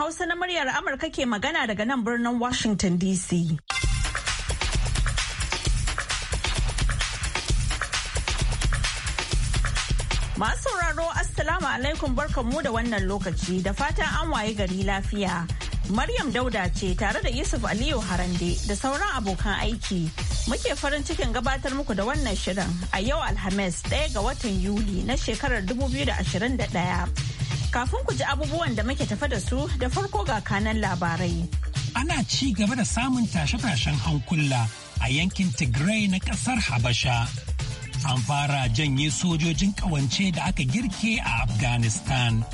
Hausa na muryar Amurka ke magana daga nan birnin Washington DC. Masu sauraro Assalamu alaikum mu da wannan lokaci da fatan an waye gari lafiya. Maryam Dauda ce tare da Yusuf Aliyu Harande da sauran abokan aiki. Muke farin cikin gabatar muku da wannan shirin a yau Alhamis ɗaya ga watan Yuli na shekarar 2021. Kafin ku ji abubuwan da muke tafa da su da farko ga kanan labarai. Ana ci gaba da samun tashe-tashen hankula a yankin Tigray na kasar Habasha. An fara janye sojojin kawance da aka girke a Afghanistan.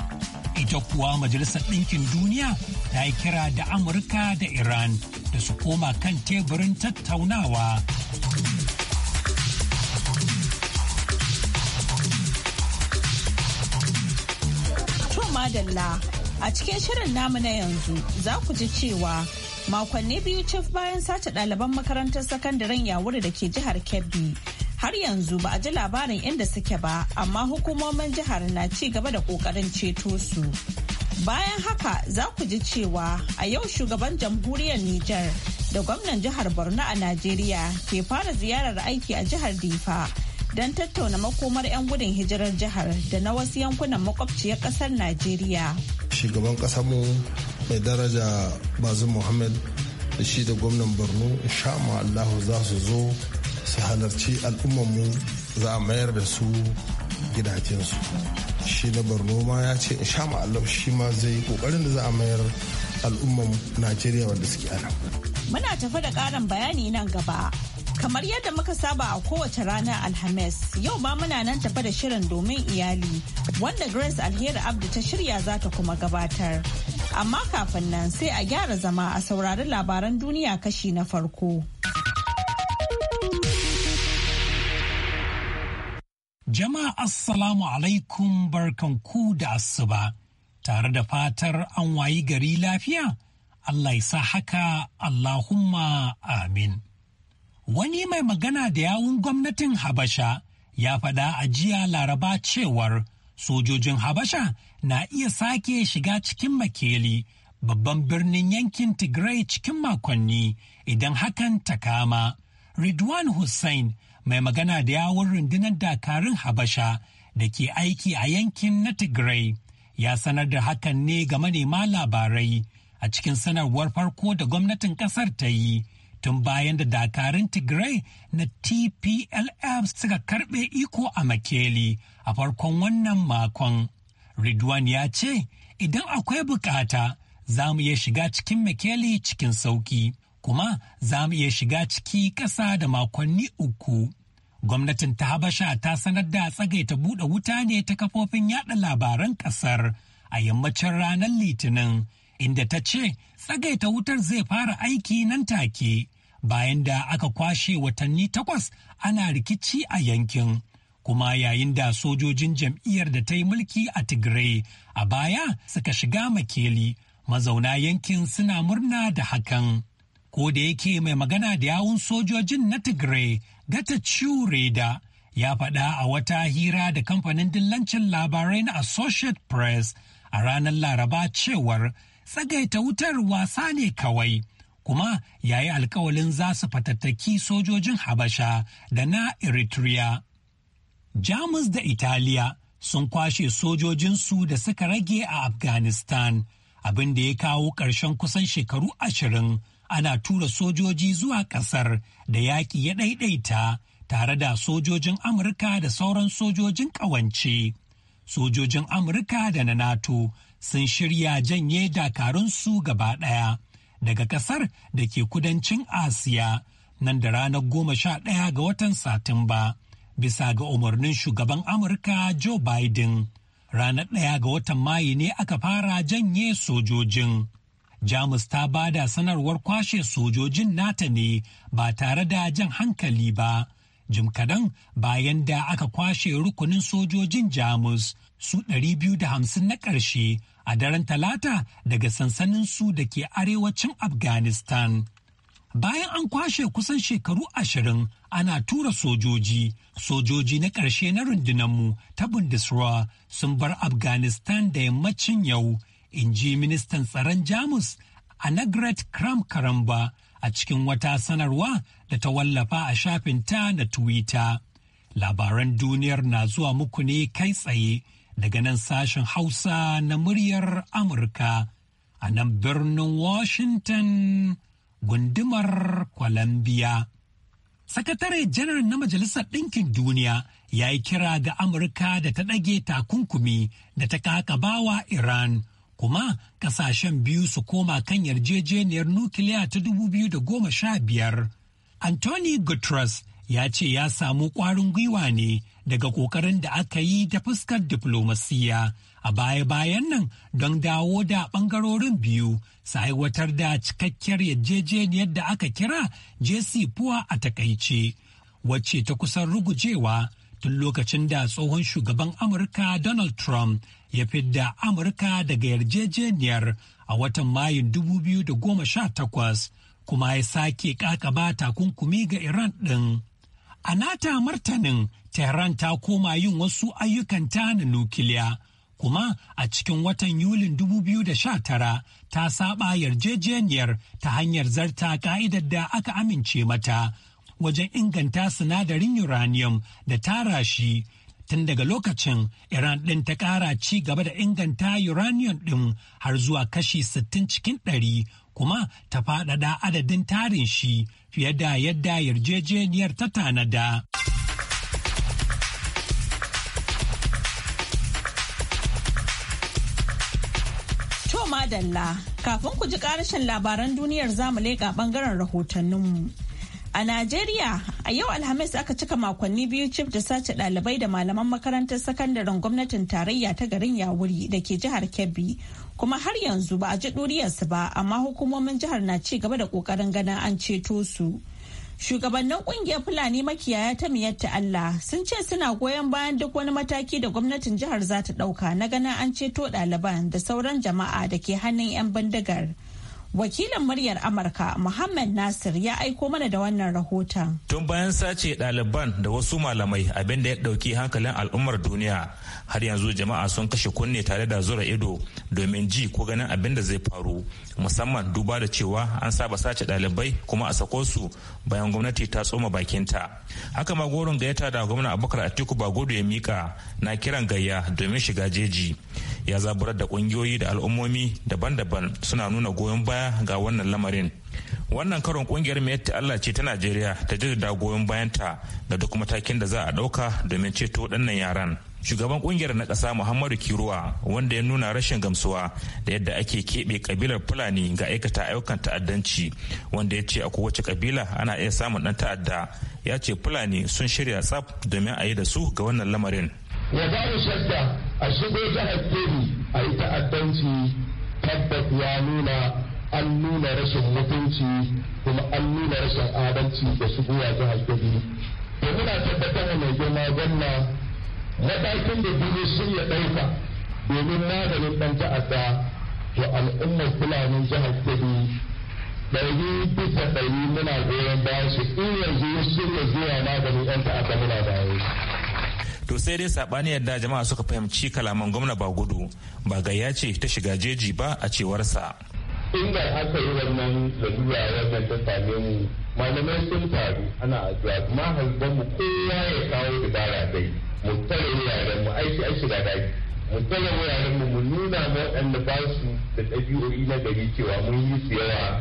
Ita kuwa Majalisar Ɗinkin Duniya ta yi kira da Amurka da Iran da su koma kan teburin tattaunawa. madalla a cikin shirin namu na yanzu za ku ji cewa makonni biyu cif bayan sace ɗaliban makarantar sakandaren yawuri da ke jihar kebbi har yanzu ba a ji labarin inda suke ba amma hukumomin jihar na ci gaba da ƙoƙarin ceto su bayan haka za ku ji cewa a yau shugaban jamhuriyar Nijar da gwamnan jihar borno a najeriya ke fara ziyarar aiki a jihar difa don tattauna makomar 'yan gudun hijirar jihar da na wasu yankunan makwabciyar kasar Najeriya. Shugaban mu mai daraja Bazum Muhammad da shi da gwamnan Borno insha Allahu za su zo su halarci al'ummanmu za a mayar da su gidajensu. Shi na Borno ma ya ce insha Allah shi ma zai kokarin da za a mayar al'ummar Najeriya wanda suke ana. Muna tafi da ƙarin bayani nan gaba. Kamar yadda muka saba a kowace rana Alhamis, yau ma muna nan tafa da shirin domin iyali, wanda Grace Alheri Abdu ta shirya za ta kuma gabatar. Amma kafin nan sai a gyara zama a saurari labaran duniya kashi na farko. Jama'a Assalamu alaikum Barkan Ku da asuba, tare da fatar an wayi gari lafiya, Allah ya sa haka Allahumma amin. Wani mai magana da yawun gwamnatin Habasha ya faɗa a jiya Laraba cewar sojojin Habasha na iya sake shiga cikin Makeli, babban birnin yankin Tigray cikin makonni idan hakan ta kama. Ridwan Hussein mai magana da yawun rundunar dakarun Habasha da ke aiki a yankin na Tigray ya sanar da hakan ne ga manema labarai a cikin sanarwar farko da gwamnatin ƙasar ta yi. tun bayan da dakarun Tigray na TPLF suka karbe iko a Makeli a farkon wannan makon. Ridwan ya ce, "Idan akwai bukata, za mu iya shiga cikin Makeli cikin sauki, kuma za mu iya shiga ciki ƙasa da makonni uku." Gwamnatin ta Habasha ta sanar da tsagaita buɗe wuta ne ta kafofin yada labaran ƙasar a yammacin ranar Litinin. inda ta ce tsagaita wutar zai fara aiki nan take bayan da aka kwashe watanni takwas ana rikici a yankin kuma yayin da sojojin jam'iyyar da ta yi mulki a tigray a baya suka shiga makeli mazauna yankin suna murna da hakan ko da yake mai magana da yawun sojojin na tigray gata da ya faɗa a wata hira da kamfanin dillancin labarai na associate press a ranar laraba cewar tsagaita wutar wasa ne kawai kuma yayi alkawalin za su fatattaki sojojin habasha da na eritrea jamus da italiya sun kwashe sojojinsu da suka rage a afghanistan abin da ya kawo ƙarshen kusan shekaru ashirin ana tura sojoji zuwa ƙasar da yaƙi ya ɗaiɗaita tare da sojojin amurka da sauran sojojin ƙawance sojojin amurka da na nato sun shirya janye dakarunsu gaba ɗaya daga ƙasar da ke kudancin asiya nan da ranar goma sha ɗaya ga watan satumba bisa ga umarnin shugaban amurka joe biden ranar ɗaya ga watan mayu ne aka fara janye sojojin jamus ta ba da sanarwar kwashe sojojin nata ne ba tare da jan hankali ba jim kadan bayan da aka kwashe rukunin sojojin jamus su biyu da hamsin na ƙarshe a daren talata daga sansanin su da ke arewacin afghanistan bayan an kwashe kusan shekaru ashirin ana tura sojoji sojoji na ƙarshe na mu ta bundesra sun bar afghanistan da yammacin yau in ji ministan tsaron jamus anagret kram karamba a cikin wata sanarwa da ta wallafa a shafin ta na Twitter. Labaran duniyar na zuwa muku ne kai tsaye daga nan sashen Hausa na muryar Amurka a nan birnin Washington gundumar Columbia. Sakatare janar na Majalisar Ɗinkin Duniya ya yi kira ga Amurka da ta ɗage takunkumi da ta bawa Iran. kuma kasashen biyu su koma kan yarjejeniyar nukiliya ta dubu biyu da goma sha biyar. Anthony Guterres ya ce ya samu kwarin gwiwa ne daga kokarin da aka yi ta fuskar diplomasiya. a baya-bayan nan don dawo da bangarorin biyu su aiwatar da cikakkiyar yarjejeniyar da aka kira JCPOA a takaice, wacce ta kusan rugujewa tun lokacin da tsohon shugaban Amurka Donald Trump ya fidda Amurka daga yarjejeniyar a watan Mayun 2018 kuma ya sake kakaba takunkumi ga Iran ɗin. A nata martanin Tehran ta koma yin wasu ayyukan ta na nukiliya. kuma a cikin watan Yulin 2019 ta saba yarjejeniyar ta hanyar zarta ka'idar da aka amince mata wajen inganta sinadarin uranium da tara shi tun daga lokacin iran ɗin ta ƙara ci gaba da inganta uranium ɗin har zuwa kashi 60 cikin ɗari kuma ta faɗaɗa adadin tarin shi fiye da yadda yarjejeniyar ta tanada. madalla kafin ku ji ƙarshen labaran duniyar zamu leƙa ɓangaren rahotanninmu. A Najeriya, a yau Alhamis aka cika makonni biyu cif da sace dalibai da malaman makarantar sakandaren gwamnatin tarayya ta garin Yawuri da ke jihar Kebbi. Kuma har yanzu ba a ji ɗuriyarsu ba, amma hukumomin jihar na ci gaba da ƙoƙarin ganin an ceto su. Shugabannin ƙungiyar Fulani makiyaya ta miyatta Allah sun ce suna goyon bayan duk wani mataki da gwamnatin jihar za ta ɗauka na ganin an ceto ɗaliban da sauran jama'a da ke hannun 'yan bindigar. Wakilin muryar Amurka Muhammad Nasir ya aiko mana da wannan rahoton. Tun bayan sace ɗaliban da wasu malamai abin da ya ɗauki hankalin al'ummar duniya har yanzu jama'a sun kashe kunne tare da zura ido domin ji ko ganin abin da zai faru musamman duba da cewa an saba sace ɗalibai kuma a sako su bayan gwamnati ta tsoma bakinta. Haka ma gorin gayyata da gwamna Abubakar Atiku Bagodo ya mika na kiran gayya domin shiga jeji. ya zaburar da kungiyoyi da al'ummomi daban-daban suna nuna goyon baya ga wannan lamarin wannan karon kungiyar mai Allah ce ta Najeriya ta jaddada goyon bayanta da duk matakin da za a dauka domin ceto ɗannan yaran. Shugaban kungiyar na ƙasa Muhammadu Kiruwa wanda ya nuna rashin gamsuwa da yadda ake keɓe kabilar Fulani ga aikata ayyukan ta'addanci wanda ya ce a kowace kabila ana iya samun ɗan ta'adda ya ce Fulani sun shirya tsaf domin a yi da su ga wannan lamarin. ya ba mu shadda a shigo ta hakkeri a yi ta'addanci tabbat ya nuna an nuna rashin mutunci kuma an nuna rashin adalci da shigowa ta hakkeri da muna tabbatar da mai girma ganna matakin da biyu sun ya ɗauka domin maganin ɗan ta'adda wa al'ummar fulanin jihar kudu ɗari bisa ɗari muna goyon bayan su in yanzu sun ya zuwa maganin ɗan ta'adda muna bayan to sai dai sabani yadda jama'a suka fahimci kalaman gwamna ba gudu ba gayya ce ta shiga jeji ba a cewarsa inda haka yi wannan lalura wannan ta same mu malamai sun taru ana addu'a kuma halban mu kowa ya kawo dubara dai mu tare yaren mu aiki a shiga daki mu tare wuraren mu mu nuna waɗanda ba su da ɗabi'o'i na gari cewa mun yi su yawa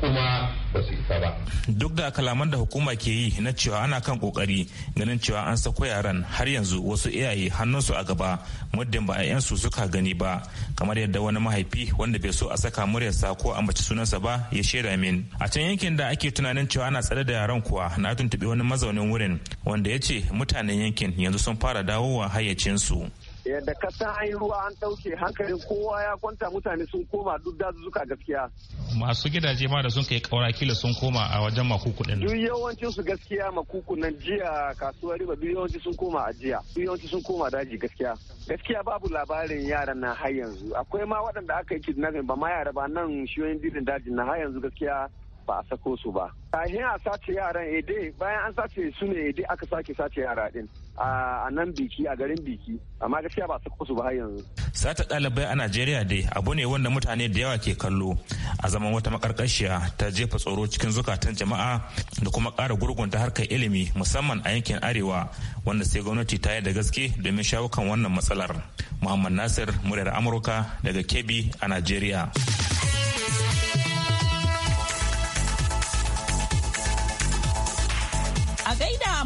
kuma ba su isa ba. Duk da kalaman da hukuma ke yi na cewa ana kan kokari ganin cewa an sako yaran har yanzu wasu iyaye hannunsu a gaba muddin ba a su suka gani ba kamar yadda wani mahaifi wanda bai so a saka muryarsa ko a mace sunansa ba ya shaida min. A can yankin da ake tunanin cewa ana tsare da yaran kuwa na tuntuɓi wani mazaunin wurin wanda ya ce mutanen yankin yanzu sun fara dawowa hayyacinsu. yadda kasa an yi ruwa an ɗauke hankalin kowa ya kwanta mutane sun koma duk dazuzzuka gaskiya. Masu gidaje ma da sun kai kaura kila sun koma a wajen makukuɗin. Duk yawancin su gaskiya makuku nan jiya kasuwar riba duk yawanci sun koma a jiya duk yawanci sun koma daji gaskiya. Gaskiya babu labarin yaran na har yanzu akwai ma waɗanda aka yi kidnapping ba ma yara ba nan shiyoyin didin dajin na har yanzu gaskiya ba a sako su ba. Kahin a sace yaran ede eh bayan an sace su ne ede eh aka sake sace yara din. a nan biki a garin biki amma gaskiya ba su su ba yanzu. sata ɗalibai a najeriya dai abu ne wanda mutane da yawa ke kallo a zaman wata makarkashiya ta jefa tsoro cikin zukatan jama'a da kuma ƙara gurgunta harkar ilimi musamman a yankin arewa wanda sai gwamnati ta yi da gaske domin shawo kan wannan matsalar muhammad nasir muryar amurka daga kebbi a najeriya.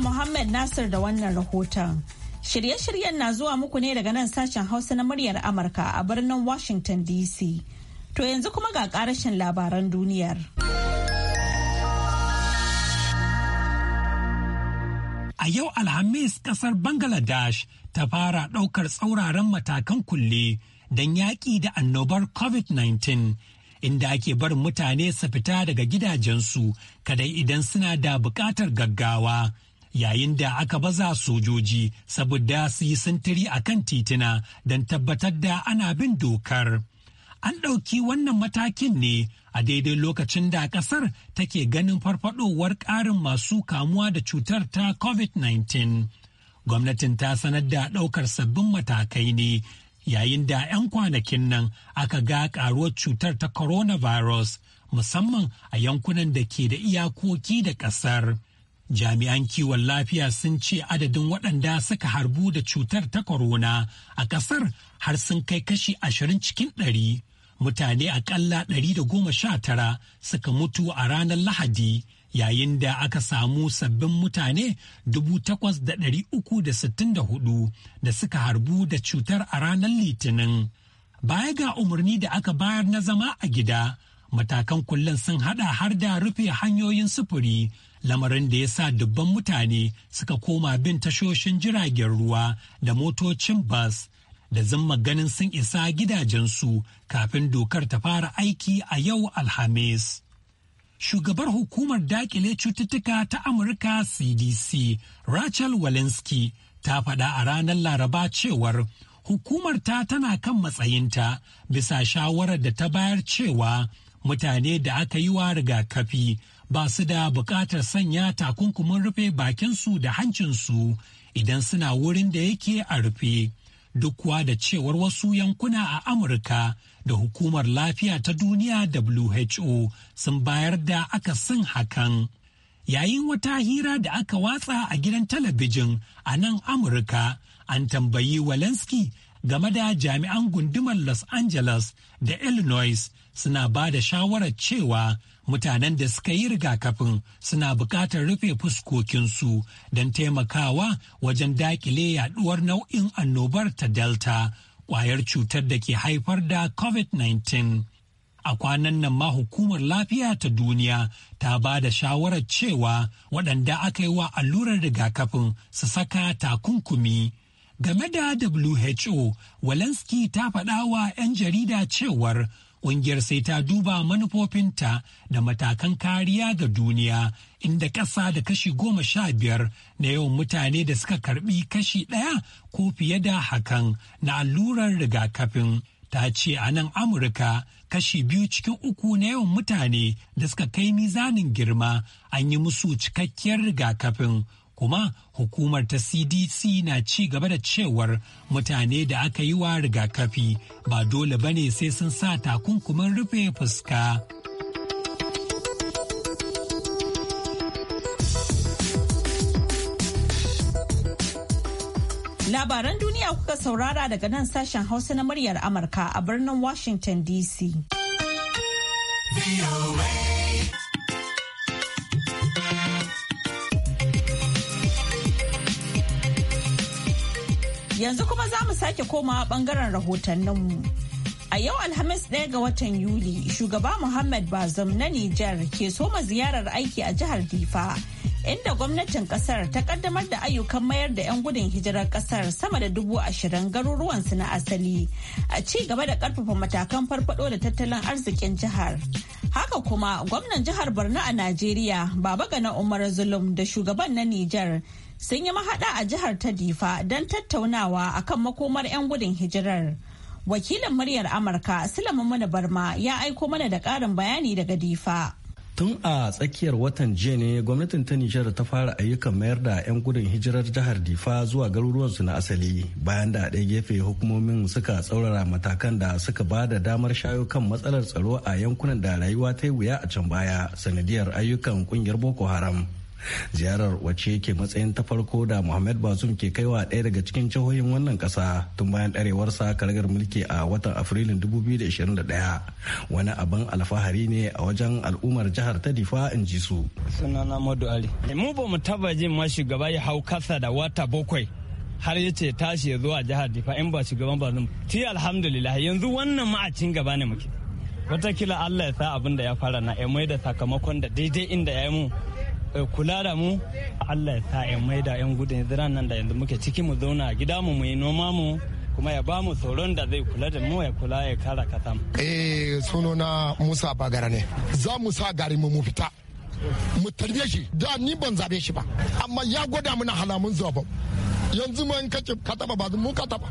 Muhammad Nasir da wannan rahoton. Shirye-shiryen na zuwa muku ne daga nan sashen Hausa na muryar Amurka a birnin Washington DC. To yanzu kuma ga karashin labaran duniyar. A yau Alhamis kasar Bangladesh ta fara ɗaukar tsauraran matakan kulle don yaƙi da annobar COVID-19 inda ake barin mutane su fita daga gidajensu kadai idan suna da buƙatar gaggawa. yayin da aka baza sojoji saboda su yi sintiri a kan titina don tabbatar da ana bin dokar. An ɗauki wannan matakin ne a daidai lokacin da ƙasar take ganin farfadowar ƙarin masu kamuwa da cutar ta COVID-19. Gwamnatin ta sanar da ɗaukar sabbin matakai ne yayin da 'yan kwanakin nan aka ga ƙaruwar cutar ta coronavirus musamman a yankunan da ke da iyakoki da ƙasar. jami'an kiwon lafiya sun ce adadin waɗanda suka harbu da cutar ta corona a ƙasar har sun kai kashi ashirin cikin ɗari mutane aƙalla ɗari da goma sha tara suka mutu a ranar lahadi yayin da aka samu sabbin mutane dubu takwas da ɗari uku da sittin da hudu da suka harbu da cutar a ranar litinin baya ga umarni da aka bayar na zama a gida matakan kullum sun hada har da rufe hanyoyin sufuri lamarin da ya sa dubban mutane suka koma bin tashoshin jiragen ruwa da motocin bas da zama ganin sun isa gidajensu kafin dokar ta fara aiki a yau alhamis shugabar hukumar dakile cututtuka ta amurka cdc rachel walensky ta faɗa a ranar laraba cewar hukumar ta tana kan matsayinta bisa shawarar da ta bayar cewa mutane da aka yi wa rigakafi ba su da bukatar sanya takunkumin rufe bakinsu da hancinsu idan suna wurin da yake a rufe duk kuwa da cewar wasu yankuna a amurka da hukumar lafiya ta duniya who sun bayar da aka san hakan yayin wata hira da aka watsa a gidan talabijin a nan amurka an tambayi Walensky game da jami'an gundumar Los Angeles da Illinois suna ba da shawarar cewa mutanen da suka yi rigakafin suna bukatar rufe fuskokinsu don taimakawa wajen dakile yaduwar nau'in annobar ta delta kwayar cutar da ke haifar da covid-19 a kwanan nan ma hukumar lafiya ta duniya ta ba da shawarar cewa waɗanda aka yi wa allurar rigakafin su saka takunkumi game da who walensky ta faɗawa 'yan jarida cewar Ƙungiyar sai ta duba manufofinta da matakan kariya ga duniya inda ƙasa da kashi goma sha biyar na yawan mutane da suka karbi kashi ɗaya ko fiye da hakan na allurar rigakafin. ta ce a nan amurka kashi biyu cikin uku na yawan mutane da suka kai mizanin girma an yi musu cikakkiyar rigakafin kuma hukumar ta cdc na ci gaba da cewar mutane da aka yi wa rigakafi ba dole ba ne sai sun sa takunkumin rufe fuska labaran duniya kuka saurara daga nan sashen hausa na muryar amurka a birnin washington dc Yanzu kuma za mu sake komawa bangaren rahotanninmu. A yau Alhamis ɗaya ga watan Yuli, shugaba Muhammad Bazum na Nijar ke soma ziyarar aiki a jihar Difa, inda gwamnatin kasar ta kaddamar da ayyukan mayar da 'yan gudun hijirar kasar sama da dubu ashirin garuruwansu na asali, a ci gaba da ƙarfafa matakan farfado da tattalin arzikin jihar. Haka kuma gwamnan jihar Borno a Najeriya, Baba Gana Umar Zulum da shugaban na Nijar sun yi mahaɗa a jihar ta difa don tattaunawa a kan makomar 'yan gudun hijirar wakilin muryar amurka sulaiman mana barma ya aiko mana da ƙarin bayani daga difa tun a tsakiyar watan jiya ne gwamnatin ta nijar ta fara ayyukan mayar da 'yan gudun hijirar jihar difa zuwa garuruwansu na asali bayan da ɗaya gefe hukumomin suka tsaurara matakan da suka ba da damar shayo kan matsalar tsaro a yankunan da rayuwa ta yi wuya a can baya sanadiyar ayyukan ƙungiyar boko haram ziyarar wacce yake matsayin ta farko da muhammad bazoum ke kaiwa ɗaya daga cikin jihohin wannan ƙasa tun bayan ɗarewarsa karagar mulki a watan afrilun 2021 wani abin alfahari ne a wajen al'ummar jihar ta difa in ji su sunana madu ali mu ba mu taba jin ma shugaba ya hau kasa da wata bakwai har ya ce tashi ya zo a jihar difa in ba shugaban bazoum ti alhamdulillah yanzu wannan ma'acin gaba ne muke watakila allah ya sa abin da ya fara na ya mai da sakamakon da daidai inda ya yi mu Eh, kula da mu Allah ya sa in maida yan gudun hijira nan da yanzu muke ciki mu zauna a gida mu yi noma mu kuma ya ba mu tsoron da zai kula da mu ya kula ya kara kasam. Eh na Musa Bagara ne. Za mu sa gari mu mu fita. Mu tarbe shi da ni ban zabe shi ba amma ya gwada mana halamun zuwa yanzu man kace ka taba ba mu ka taba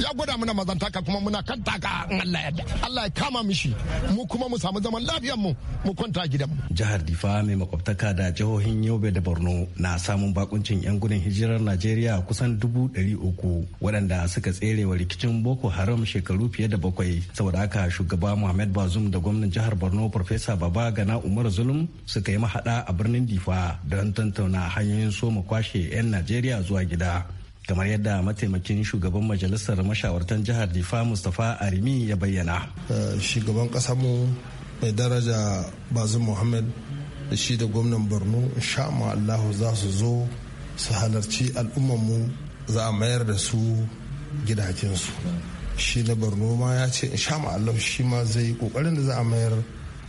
ya gwada mana mazantaka kuma muna kan taka in Allah yarda Allah ya kama mishi mu kuma mu samu zaman lafiyar mu mu kwanta gidan mu jihar Difa mai makwabtaka da jihohin Yobe da Borno na samun bakuncin yan gudun hijirar Najeriya kusan dubu dari uku waɗanda suka tsere wa rikicin Boko Haram shekaru fiye da bakwai saboda haka shugaba Muhammad Bazum da gwamnan jihar Borno profesa Baba Gana Umar Zulum suka yi mahada a birnin Difa don tantauna hanyoyin soma kwashe 'yan Najeriya zuwa gida gida kamar yadda mataimakin shugaban majalisar mashawartan jihar difa mustapha arimi ya bayyana eh, shugaban mu mai daraja bazin muhammad da shi da gwamnan borno insha allahu za su zo su halarci al'ummanmu za a mayar da su gidajensu shi na borno ma ya ce insha allahu shi ma zai kokarin da za a mayar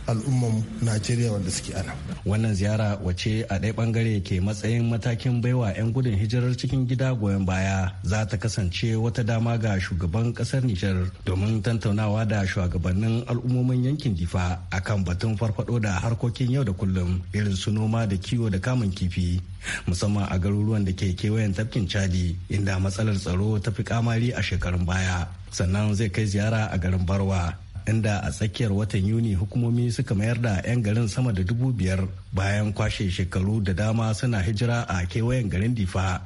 al'umman najeriya wanda suke ana wannan ziyara wace a ɗaya bangare ke matsayin matakin baiwa 'yan gudun hijirar cikin gida goyon baya za ta kasance wata dama ga shugaban ƙasar nijar domin tantaunawa da shugabannin al'ummomin yankin difa akan batun farfado da harkokin yau da kullum irin su noma da kiwo da kamun kifi musamman a garuruwan da ke kewayen tafkin chadi inda matsalar tsaro ta fi kamari a shekarun baya sannan zai kai ziyara a garin barwa inda a tsakiyar watan yuni hukumomi suka mayar da 'yan garin sama da dubu biyar bayan kwashe shekaru da dama suna hijira a kewayen garin difa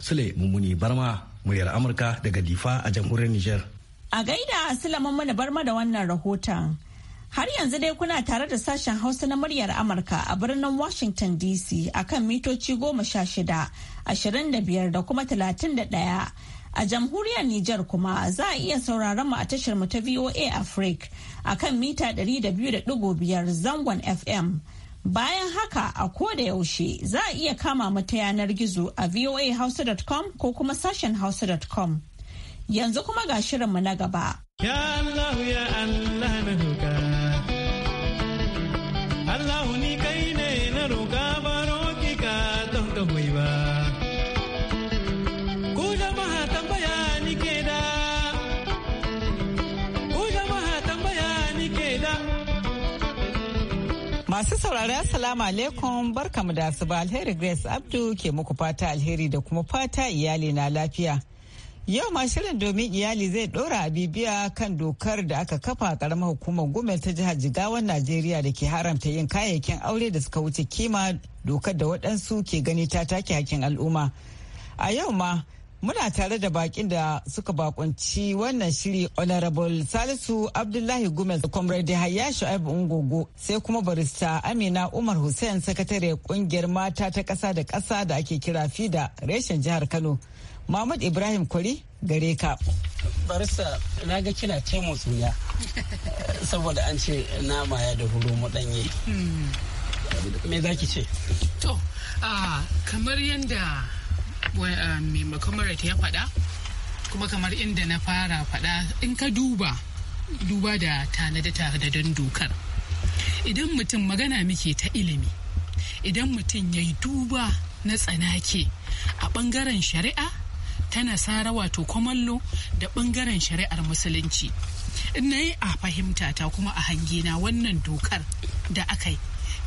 sule mummuni barma muryar amurka daga difa a jamhuriyar niger a gaida sulaiman mummuni barma da wannan rahoton Har yanzu dai kuna tare da sashen Hausa na muryar Amurka a birnin Washington DC a kan mitoci goma sha shida, ashirin da biyar da kuma talatin da ɗaya. A jamhuriyar Nijar kuma za a iya sauraron mu a tashar mu ta VOA Africa kan mita ɗari da da biyu biyar zangon FM. Bayan haka a ko da yaushe za a iya kama mu ta yanar gizo a voahausa.com ko kuma sashen hausa.com. Yanzu kuma ga shirin mu na gaba. Masu saurari Assalamu alaikum barkamu da ba, alheri Grace Abdu ke muku fata alheri da kuma fata iyali na lafiya. Yau ma shirin domin iyali zai dora a bibiya kan dokar da aka kafa a karamar hukumar gumel ta jihar Jigawan Najeriya da ke haramta yin kayayyakin aure da suka wuce kima dokar da waɗansu ke gani ta take hakkin al'umma. A yau ma Muna tare da bakin da suka bakunci wannan shiri Honorable Salisu Abdullahi Gumel Comrade Hayya Shu'aibu Ungogo sai kuma barista Amina Umar Hussein sakatare kungiyar mata ta kasa da kasa da ake kira FIDA reshen jihar Kano. Mahmud Ibrahim Kwari gare ka. Barista na ga kina ce ya saboda an ce nama ya da huru mudanye. Hmm. Me za ki ce? To, ah, kamar yadda mai eh, makamarat ya faɗa kuma kamar inda na fara faɗa in ka duba duba da tanada tare da don dokar idan mutum magana muke ta ilimi idan mutum ya yi duba na tsanake a ɓangaren shari'a ta nasara wato kwamallo da ɓangaren shari'ar musulunci na yi a fahimta ta kuma a hangena wannan dokar da aka yi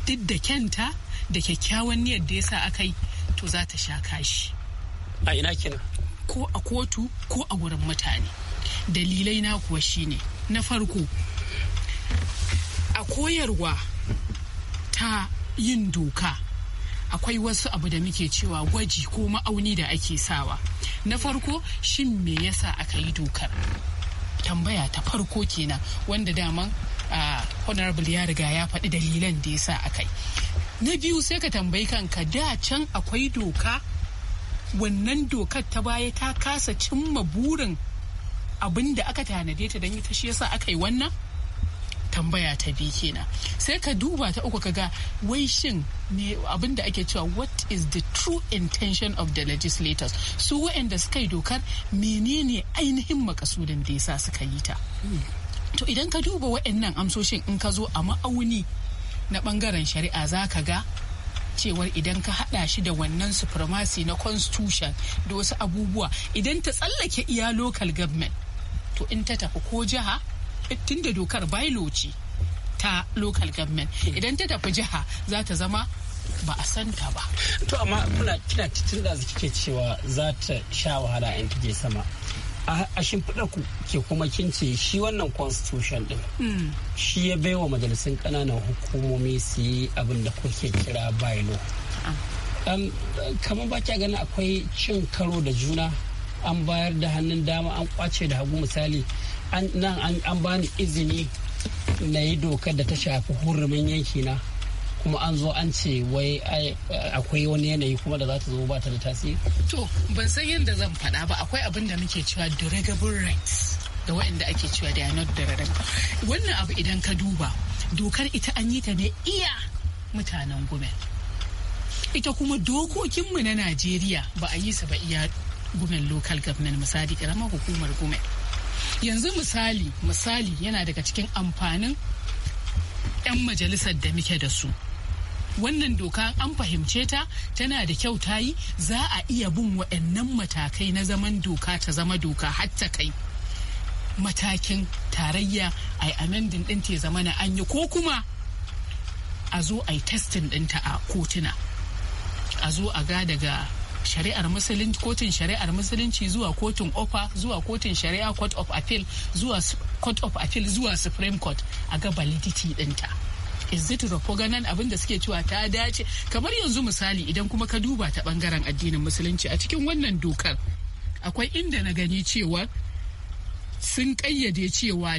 duk da kyanta da kyakkyawan niyyar da ya sa aka yi to za ta sha kashi a ina kina ko a kotu ko a wurin mutane dalilai na kuwa shine na farko a koyarwa ta yin doka akwai wasu abu da muke cewa gwaji ko ma'auni da ake sawa na farko shin me yasa aka yi dokar tambaya ta farko kenan wanda daman uh, honorable ya riga ya faɗi dalilan da yasa aka yi na biyu sai ka tambayi kanka da can akwai doka wannan dokar ta baya ta kasa cimma burin abin da aka tanade ta don ita shi yasa aka yi wannan tambaya ta biyu kenan sai ka duba ta uku kaga wai shin ne abin da ake cewa what is the true intention of the legislators su wa'anda suka yi dokar menene ainihin makasudin da yasa suka yi ta to idan ka duba waɗannan amsoshin in ka zo a ma'auni na bangaren shari'a za ka ga cewar idan ka hada shi da wannan supremacy na constitution da wasu abubuwa idan ta tsallake iya local government to in ta tafi ko jiha tun da dokar bailo ce ta local government hmm. idan ta tafi jiha za ta zama ba a santa ba to amma kuna kina titin da kike cewa za ta sha wahala in take sama a shimfiɗa ku ke kuma kince shi wannan constitution din hmm. shi ya baiwa majalisun ƙananan hukumomi su yi abin da kuke kira bailo ah. kamar ba kya ganin akwai cin karo da juna an bayar da hannun dama an kwace da hagu misali nan an bani izini na yi dokar da ta shafi hurumin yankina kuma an zo an ce wai akwai wani yanayi kuma da za ta zo ba ta da tasiri? To, ban san yadda zan faɗa ba akwai abin da muke cewa durable rights da waɗanda ake cewa da yanar durable. Wannan abu idan ka duba, dokar ita an yi ta ne iya mutanen gumen. Ita kuma dokokinmu na Najeriya ba a yi sa ba iya gumen local government misali ƙaramar hukumar gumen. Yanzu misali, misali yana daga cikin amfanin 'yan majalisar da muke da su wannan doka an fahimce ta tana da kyau ta yi za a iya bin waɗannan matakai na zaman doka ta zama doka har kai matakin tarayya a amendin din ta zama na anyi ko kuma a zo a yi testin ɗinta a kotuna a zo a ga daga shari'ar musulunci kotun shari'ar musulunci zuwa kotun ofa zuwa kotun shari'a court of appeal zuwa court of appeal zuwa supreme court a ga validity ɗinta. is it ganan abin da suke cewa ta dace kamar yanzu misali idan kuma ka duba ta bangaren addinin musulunci a cikin wannan dokar akwai inda na gani cewa sun kayyade cewa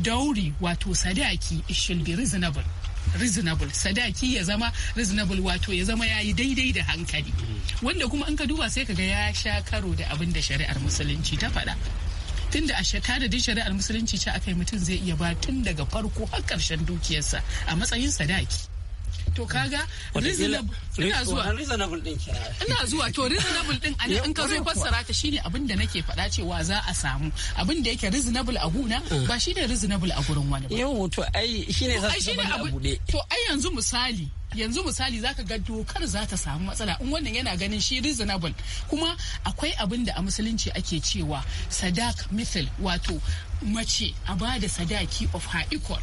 dauri wato sadaki it should be reasonable reasonable sadaki ya zama reasonable wato ya zama yayi daidai da hankali mm. wanda kuma in ka duba sai ka ga ya sha karo da abin da shari'ar musulunci ta faɗa tunda a shata da shari'ar musulunci ce aka yi mutum zai iya ba tun daga farko har karshen dukiyarsa a matsayin sadaki to kaga ina zuwa reasonable din ina zuwa to reasonable din ana in ka zo fassara ta shine abin da nake faɗa cewa za a samu abin da yake reasonable a guna mm. ba shine reasonable a gurin wani ba yau to ai shine za su bude to ai yanzu misali yanzu misali zaka ga dokar za ta samu matsala in wannan yana ganin shi reasonable kuma akwai abin da a musulunci ake cewa sadak mithil wato mace a bada sadaki of her equal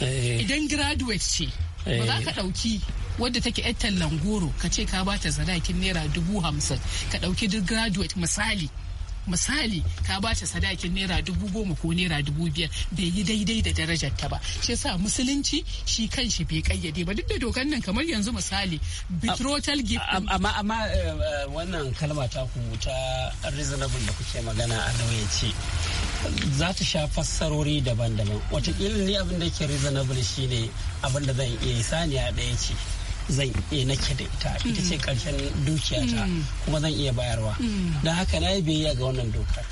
eh. idan graduate ce ba za eh. ka ɗauki wadda take yar tallan goro ka ce ka bata sadakin naira dubu hamsin ka ɗauki duk graduate misali misali ka bata sadakin naira dubu goma ko naira dubu biyar bai yi daidai da darajar ta ba shi sa musulunci shi kan shi bai kayyade ba duk da dokan nan kamar yanzu misali betrothal gift amma amma eh, wannan kalma ta ku ta reasonable da kuke magana a lauyanci za ta sha fassarori daban-daban Wataƙila ne abin da ke reasonable shine abin da zan iya saniya ɗaya ce zan iya nake da ita ita ce karshen mm. dukiyata mm. kuma zan iya bayarwa mm. don haka na yi biyayya ga wannan dokar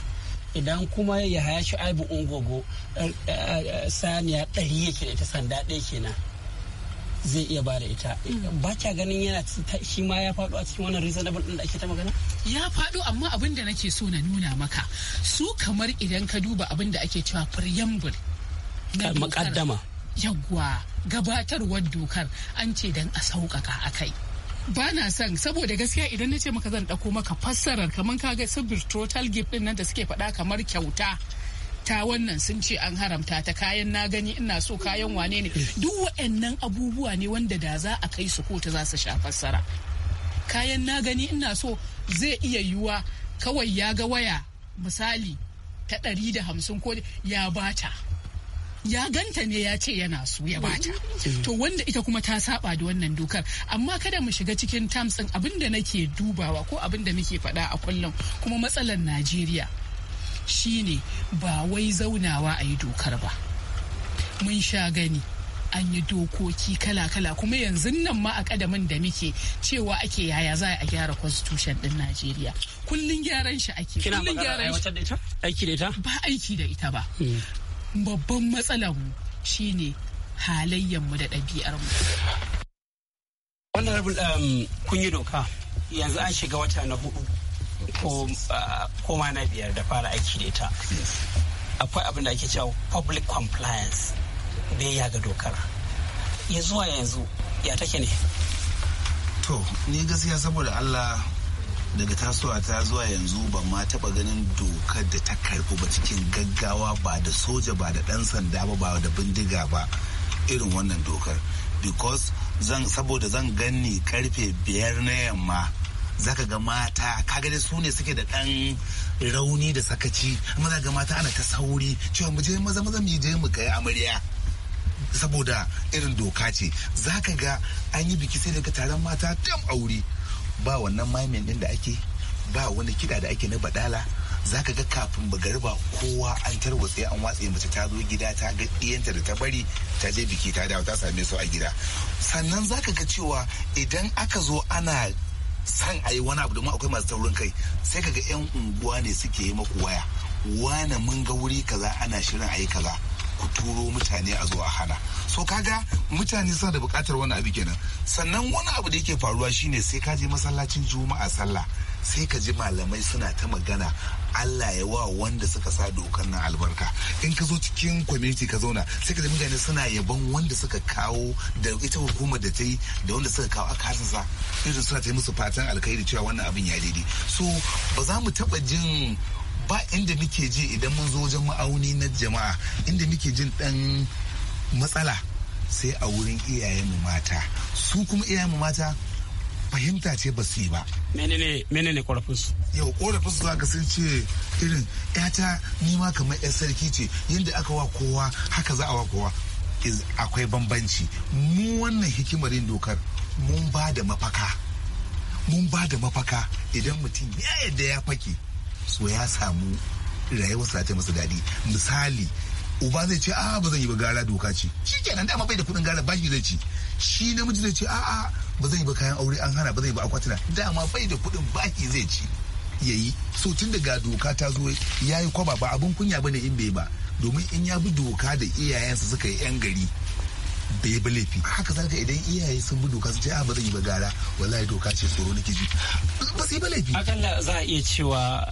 idan kuma ya haya shi aibu ungogo er, er, er, saniya ɗari yake da ita sanda ɗaya kenan zai iya da ita ba kya ganin yana shi ma ya faɗo a cikin wannan reasonable ɗin da ake ta magana ya faɗo amma abin da nake so na nuna maka su kamar idan ka duba abin da ake cewa preamble makaddama yawwa gabatarwar dokar an ce dan a sauƙaƙa a kai ba na son saboda gaskiya idan na ce maka zan ɗauko maka fassarar kamar kaga sabir total gift ɗin nan da suke faɗa kamar kyauta ta wannan sun ce an haramta ta kayan na gani ina so kayan wane ne duk waɗannan abubuwa ne wanda da za a kai su kota za su sha fassara kayan na gani ina so zai iya yiwuwa kawai ya ga waya misali ta ɗari da hamsin ko ya bata ya ganta ne ya ce yana so ya bata mm. Mm. to wanda ita kuma ta saba da wannan dokar amma kada mu shiga cikin tamsin din abin da nake dubawa ko abin da nake faɗa a kullum kuma matsalar Najeriya shine ba wai zaunawa a yi dokar ba mun sha gani an yi dokoki kala-kala kuma yanzu nan ma a kadamin da muke cewa ake yaya za a gyara constitution din Najeriya kullun gyaran shi ake kullun gyaran shi aiki da ita ba aiki da ita ba mm. babban matsalar mu shine halayyarmu da ɗabi'ar mu wannan rabin um, kun yi doka yanzu an shiga wata na hudu uh, ko ma na biyar da fara aiki da ita akwai abin da ake cewa public compliance ya ga dokar ya zuwa yanzu ya take ne to ni gaskiya saboda allah daga tasowa ta zuwa yanzu ba ma taba ganin dokar da ta karfi ba cikin gaggawa ba da soja ba da ɗan sanda ba da bindiga ba irin wannan dokar because zan saboda zan ganni karfe biyar na yamma zaka ga mata kaga dai su ne suke da ɗan rauni da sakaci amma za ga mata ana ta sauri cewa mu je maza maza mu je mu kai amarya saboda irin doka ce zaka ga an yi biki sai daga taron mata dam aure ba wannan mamin din da ake ba wani kiɗa da ake na badala zaka ga kafin Garba kowa an tarwatse an watse mace ta zo gida ta ga ɗiyanta da ta bari ta je biki ta dawo ta same su a gida sannan zaka ga cewa idan aka zo ana san a yi wani abu domin akwai masu taurin kai sai kaga yan unguwa ne suke yi maku waya wane mun ga wuri kaza ana shirin a yi kaza ku turo mutane a zo a hana so kaga mutane suna da bukatar wani abu kenan sannan wani abu da yake faruwa shine sai ka je masallacin juma'a sallah sai ka ji malamai suna ta magana Allah ya wa wanda suka sa dokar nan albarka in ka zo cikin community ka zauna sai ka ji mutane suna yabon wanda suka kawo da ita hukumar da ta yi da wanda suka kawo aka sa irin suna ta yi musu fatan alkhairi cewa wannan abin ya daidai so ba za mu taba jin ba inda muke ji idan mun zo wajen ma'auni na jama'a inda muke jin dan matsala sai a wurin iyayenmu mata su kuma iyayenmu mata fahimta ce ba su yi ba. Menene menene korafinsu? Yau korafinsu za ka sun ce irin yata nima kamar yan sarki ce yadda aka wa kowa haka za a wa kowa akwai bambanci mu wannan hikimar yin dokar mun ba da mafaka mun ba da mafaka idan mutum ya yadda ya fake so ya samu rayuwarsa ta masa daɗi misali uba zai ce a'a ba zan yi ba gara doka ce shi kenan dama bai da kuɗin gara bashi zai ci shi namiji zai ce a'a ba zan yi ba kayan aure an hana ba zan yi ba akwatina dama bai da kuɗin bashi zai ci Yayi so tun daga doka ta zo ya yi kwaba ba abin kunya ba ne in bai ba domin in ya bi doka da iyayensa suka yi yan gari bai bi laifi haka zaka idan iyaye sun bi doka su ce a ba zan yi ba gara wallahi doka ce tsoro nake ji ba su yi ba laifi akalla za a iya cewa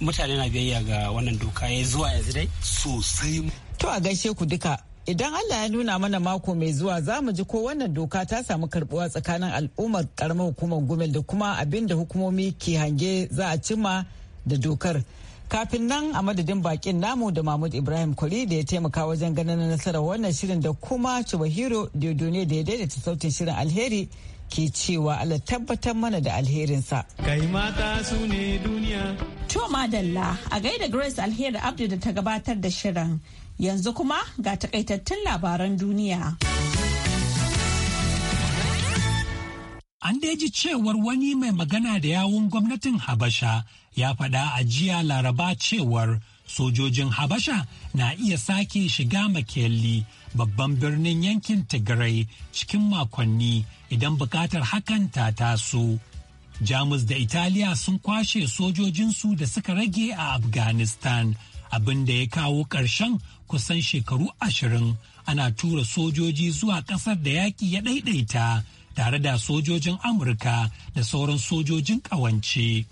mutane na biyayya ga wannan doka ya zuwa yanzu dai sosai to a gaishe ku duka idan allah ya nuna mana mako mai zuwa za mu ji ko wannan doka ta samu karbuwa tsakanin al'ummar karamar hukumar gumel da kuma abin da hukumomi ke hange za a cimma da dokar kafin nan a madadin bakin namu da mahmud ibrahim kwari da ya taimaka wajen ganin nasarar wannan shirin da kuma chubahiro diodone da ya daidaita sautin shirin alheri ke cewa Allah tabbatar mana da alherinsa. Kai mata su ne duniya. To madalla a gaida Grace Alheri Abdu da ta gabatar da shirin. Yanzu kuma ga takaitattun labaran duniya. An da ji cewar wani mai magana da yawun gwamnatin Habasha ya faɗa a jiya laraba cewar sojojin Habasha na iya sake shiga Makelli babban birnin yankin Tigray cikin makonni idan bukatar hakan ta taso. Jamus da Italiya sun kwashe sojojinsu da suka rage a Afghanistan abin da ya kawo ƙarshen kusan shekaru ashirin ana tura sojoji zuwa ƙasar da yaƙi ya ɗaiɗaita tare da sojojin Amurka da sauran sojojin ƙawance.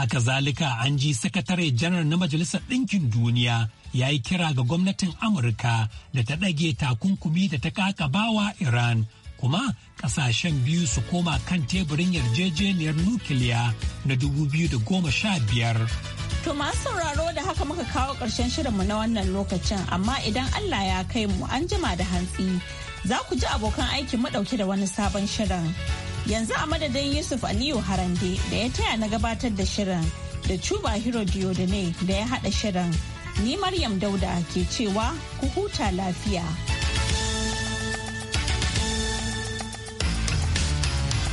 Haka zalika an ji sakatare janar na Majalisar Ɗinkin Duniya ya yi kira ga gwamnatin Amurka da ta ɗage takunkumi da ta kaka bawa Iran. Kuma ƙasashen biyu su koma kan teburin yarjejeniyar nukiliya na 2015. To masu sauraro da haka muka kawo ƙarshen shirinmu na wannan lokacin amma idan Allah ya kai mu an jima da hantsi za ku ji abokan aikin mu ɗauke da wani sabon shirin. Yanzu a madadin Yusuf Aliyu Harande da ya taya na gabatar da shirin da Cuba Hero Diodone da ya haɗa shirin. Ni Maryam Dauda ke cewa ku huta lafiya.